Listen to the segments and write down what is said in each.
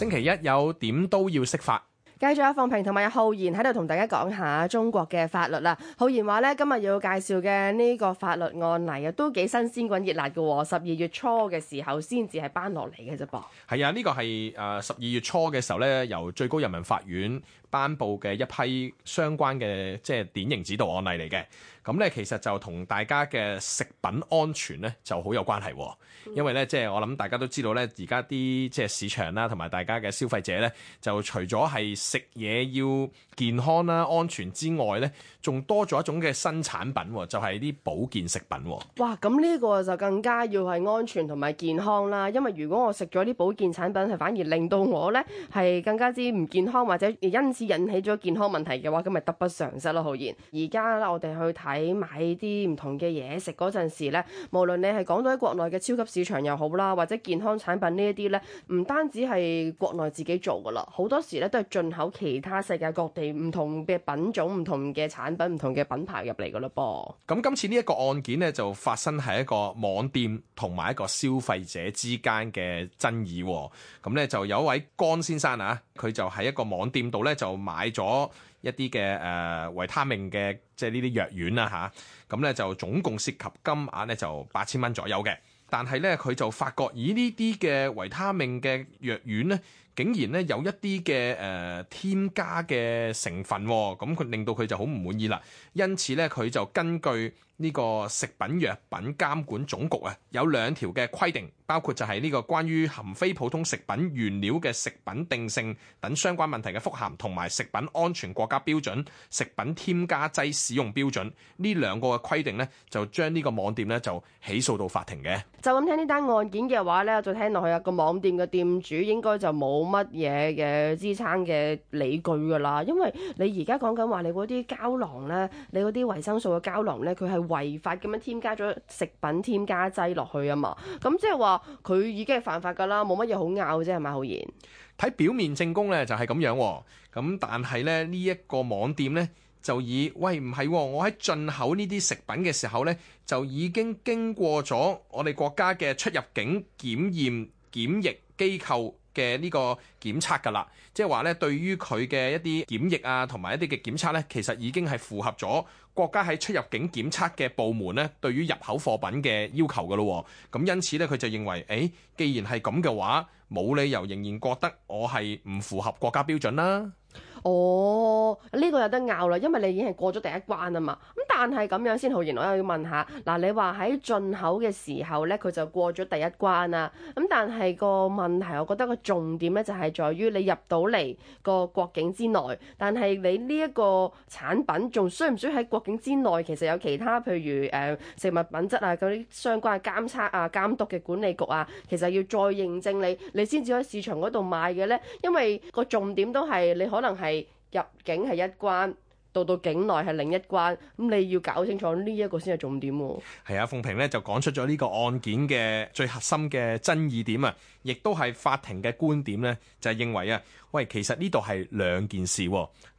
星期一有點都要識法。繼續有放平同埋有浩然喺度同大家講下中國嘅法律啦。浩然話咧，今日要介紹嘅呢個法律案例、哦、啊，都幾新鮮滾熱辣嘅喎。十、呃、二月初嘅時候先至係頒落嚟嘅啫噃。係啊，呢個係誒十二月初嘅時候咧，由最高人民法院頒布嘅一批相關嘅即係典型指導案例嚟嘅。咁咧，其實就同大家嘅食品安全咧就好有關係，因為咧，即係我諗大家都知道咧，而家啲即係市場啦，同埋大家嘅消費者咧，就除咗係食嘢要健康啦、安全之外咧，仲多咗一種嘅新產品，就係啲保健食品。哇！咁呢個就更加要係安全同埋健康啦，因為如果我食咗啲保健產品，係反而令到我咧係更加之唔健康，或者因此引起咗健康問題嘅話，咁咪得不償失咯。浩然，而家啦，我哋去睇。你買啲唔同嘅嘢食嗰陣時呢，無論你係講到喺國內嘅超級市場又好啦，或者健康產品呢一啲呢，唔單止係國內自己做噶啦，好多時呢都係進口其他世界各地唔同嘅品種、唔同嘅產品、唔同嘅品牌入嚟噶啦噃。咁今次呢一個案件呢，就發生喺一個網店同埋一個消費者之間嘅爭議，咁呢，就有一位江先生啊。佢就喺一個網店度呢，就買咗一啲嘅誒維他命嘅即係呢啲藥丸啦嚇，咁啊呢，就總共涉及金額呢，就八千蚊左右嘅，但係呢，佢就發覺以呢啲嘅維他命嘅藥丸呢。竟然咧有一啲嘅誒添加嘅成分，咁佢令到佢就好唔滿意啦。因此呢，佢就根據呢個食品藥品監管總局啊，有兩條嘅規定，包括就係呢個關於含非普通食品原料嘅食品定性等相關問題嘅覆函，同埋食品安全國家標準、食品添加劑使用標準呢兩個嘅規定呢，就將呢個網店呢就起訴到法庭嘅。就咁聽呢單案件嘅話咧，我再聽落去啊，個網店嘅店主應該就冇乜嘢嘅支撐嘅理據㗎啦？因為你而家講緊話你嗰啲膠囊呢，你嗰啲維生素嘅膠囊呢，佢係違法咁樣添加咗食品添加劑落去啊嘛。咁即係話佢已經係犯法㗎啦，冇乜嘢好拗啫，係咪浩然？睇表面證供呢，就係咁樣咁，但係呢，呢一個網店呢，就以喂唔係、哦、我喺進口呢啲食品嘅時候呢，就已經經過咗我哋國家嘅出入境檢驗檢疫機構。嘅呢個檢測㗎啦，即係話咧，對於佢嘅一啲檢疫啊，同埋一啲嘅檢測咧，其實已經係符合咗國家喺出入境檢測嘅部門咧，對於入口貨品嘅要求㗎咯。咁因此咧，佢就認為，誒、哎，既然係咁嘅話，冇理由仍然覺得我係唔符合國家標準啦。哦，呢、這個有得拗啦，因為你已經係過咗第一關啊嘛。咁但係咁樣先，浩然我又要問下，嗱，你話喺進口嘅時候呢，佢就過咗第一關啦。咁但係個問題，我覺得個重點呢就係在於你入到嚟個國境之內，但係你呢一個產品仲需唔需喺國境之內，其實有其他譬如誒食物品質啊啲相關嘅監測啊、監督嘅管理局啊，其實要再認證你，你先至喺市場嗰度賣嘅呢，因為個重點都係你可。可能係入境係一關，到到境內係另一關，咁你要搞清楚呢一個先係重點。係啊，鳳平呢就講出咗呢個案件嘅最核心嘅爭議點啊，亦都係法庭嘅觀點呢，就係認為啊，喂，其實呢度係兩件事。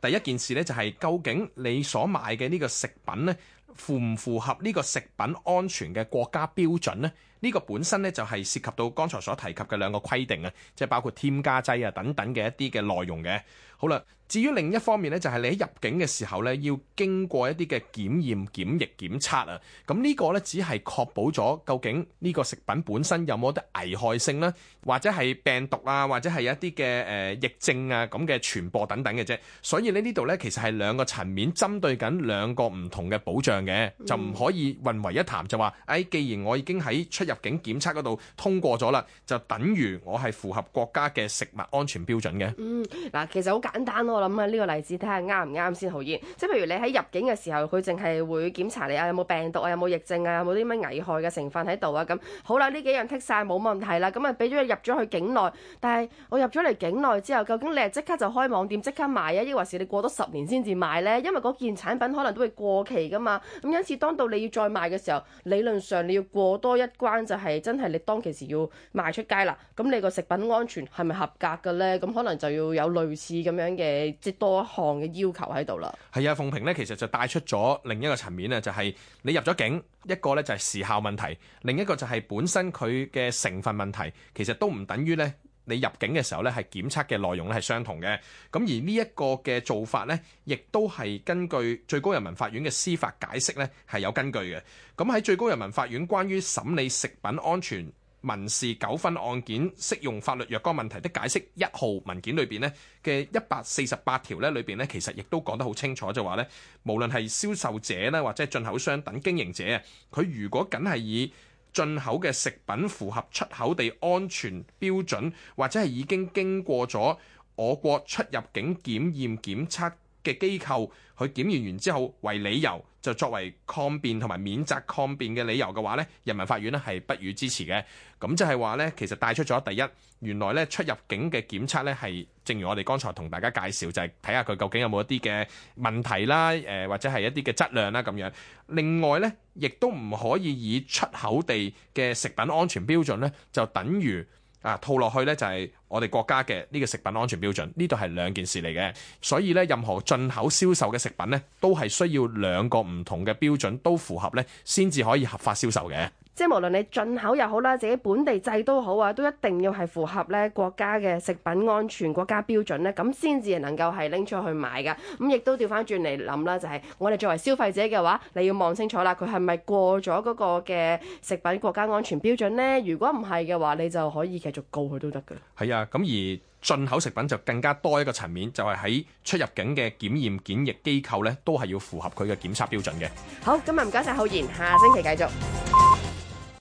第一件事呢，就係究竟你所買嘅呢個食品呢，符唔符合呢個食品安全嘅國家標準呢？」呢個本身呢，就係涉及到剛才所提及嘅兩個規定啊，即係包括添加劑啊等等嘅一啲嘅內容嘅。好啦，至於另一方面呢，就係、是、你喺入境嘅時候呢，要經過一啲嘅檢驗、檢疫、檢測啊。咁、這、呢個呢，只係確保咗究竟呢個食品本身有冇啲危害性啦，或者係病毒啊，或者係一啲嘅誒疫症啊咁嘅傳播等等嘅啫。所以呢呢度呢，其實係兩個層面針對緊兩個唔同嘅保障嘅，嗯、就唔可以混為一談就話，誒、哎、既然我已經喺出入。入境檢測嗰度通過咗啦，就等於我係符合國家嘅食物安全標準嘅。嗯，嗱，其實好簡單，我諗啊，呢個例子睇下啱唔啱先。浩然，即係譬如你喺入境嘅時候，佢淨係會檢查你啊，有冇病毒啊，有冇疫症啊，有冇啲乜危害嘅成分喺度啊。咁好啦，呢幾樣剔晒冇問題啦，咁啊俾咗你入咗去境內。但係我入咗嚟境內之後，究竟你係即刻就開網店即刻賣啊，抑或是你過多十年先至賣呢？因為嗰件產品可能都會過期噶嘛。咁因此當到你要再賣嘅時候，理論上你要過多一關。就係真係你當其時要賣出街啦，咁你個食品安全係咪合格嘅呢？咁可能就要有類似咁樣嘅即多一項嘅要求喺度啦。係啊，鳳平呢其實就帶出咗另一個層面啊，就係你入咗境，一個呢就係時效問題，另一個就係本身佢嘅成分問題，其實都唔等於呢。你入境嘅時候咧，係檢測嘅內容咧係相同嘅。咁而呢一個嘅做法呢，亦都係根據最高人民法院嘅司法解釋呢係有根據嘅。咁喺最高人民法院關於審理食品安全民事糾紛案件適用法律若干問題的解釋一號文件裏邊呢嘅一百四十八條呢裏邊呢，其實亦都講得好清楚，就話呢，無論係銷售者呢，或者進口商等經營者，佢如果僅係以進口嘅食品符合出口地安全標準，或者係已經經過咗我國出入境檢驗檢測，嘅機構去檢驗完之後，為理由就作為抗辯同埋免責抗辯嘅理由嘅話呢，人民法院呢係不予支持嘅。咁就係話呢，其實帶出咗第一，原來呢出入境嘅檢測呢，係，正如我哋剛才同大家介紹，就係睇下佢究竟有冇一啲嘅問題啦，誒或者係一啲嘅質量啦咁樣。另外呢，亦都唔可以以出口地嘅食品安全標準呢，就等於啊套落去呢、就是，就係。我哋國家嘅呢個食品安全標準，呢度係兩件事嚟嘅，所以咧任何進口銷售嘅食品呢，都係需要兩個唔同嘅標準都符合呢，先至可以合法銷售嘅。即係無論你進口又好啦，自己本地製都好啊，都一定要係符合呢國家嘅食品安全國家標準呢，咁先至能夠係拎出去賣㗎。咁亦都調翻轉嚟諗啦，就係我哋作為消費者嘅話，你要望清楚啦，佢係咪過咗嗰個嘅食品國家安全標準呢？如果唔係嘅話，你就可以繼續告佢都得㗎。係啊。咁而進口食品就更加多一個層面，就係喺出入境嘅檢驗檢疫機構咧，都係要符合佢嘅檢測標準嘅。好，今日唔該晒。浩然，下星期繼續。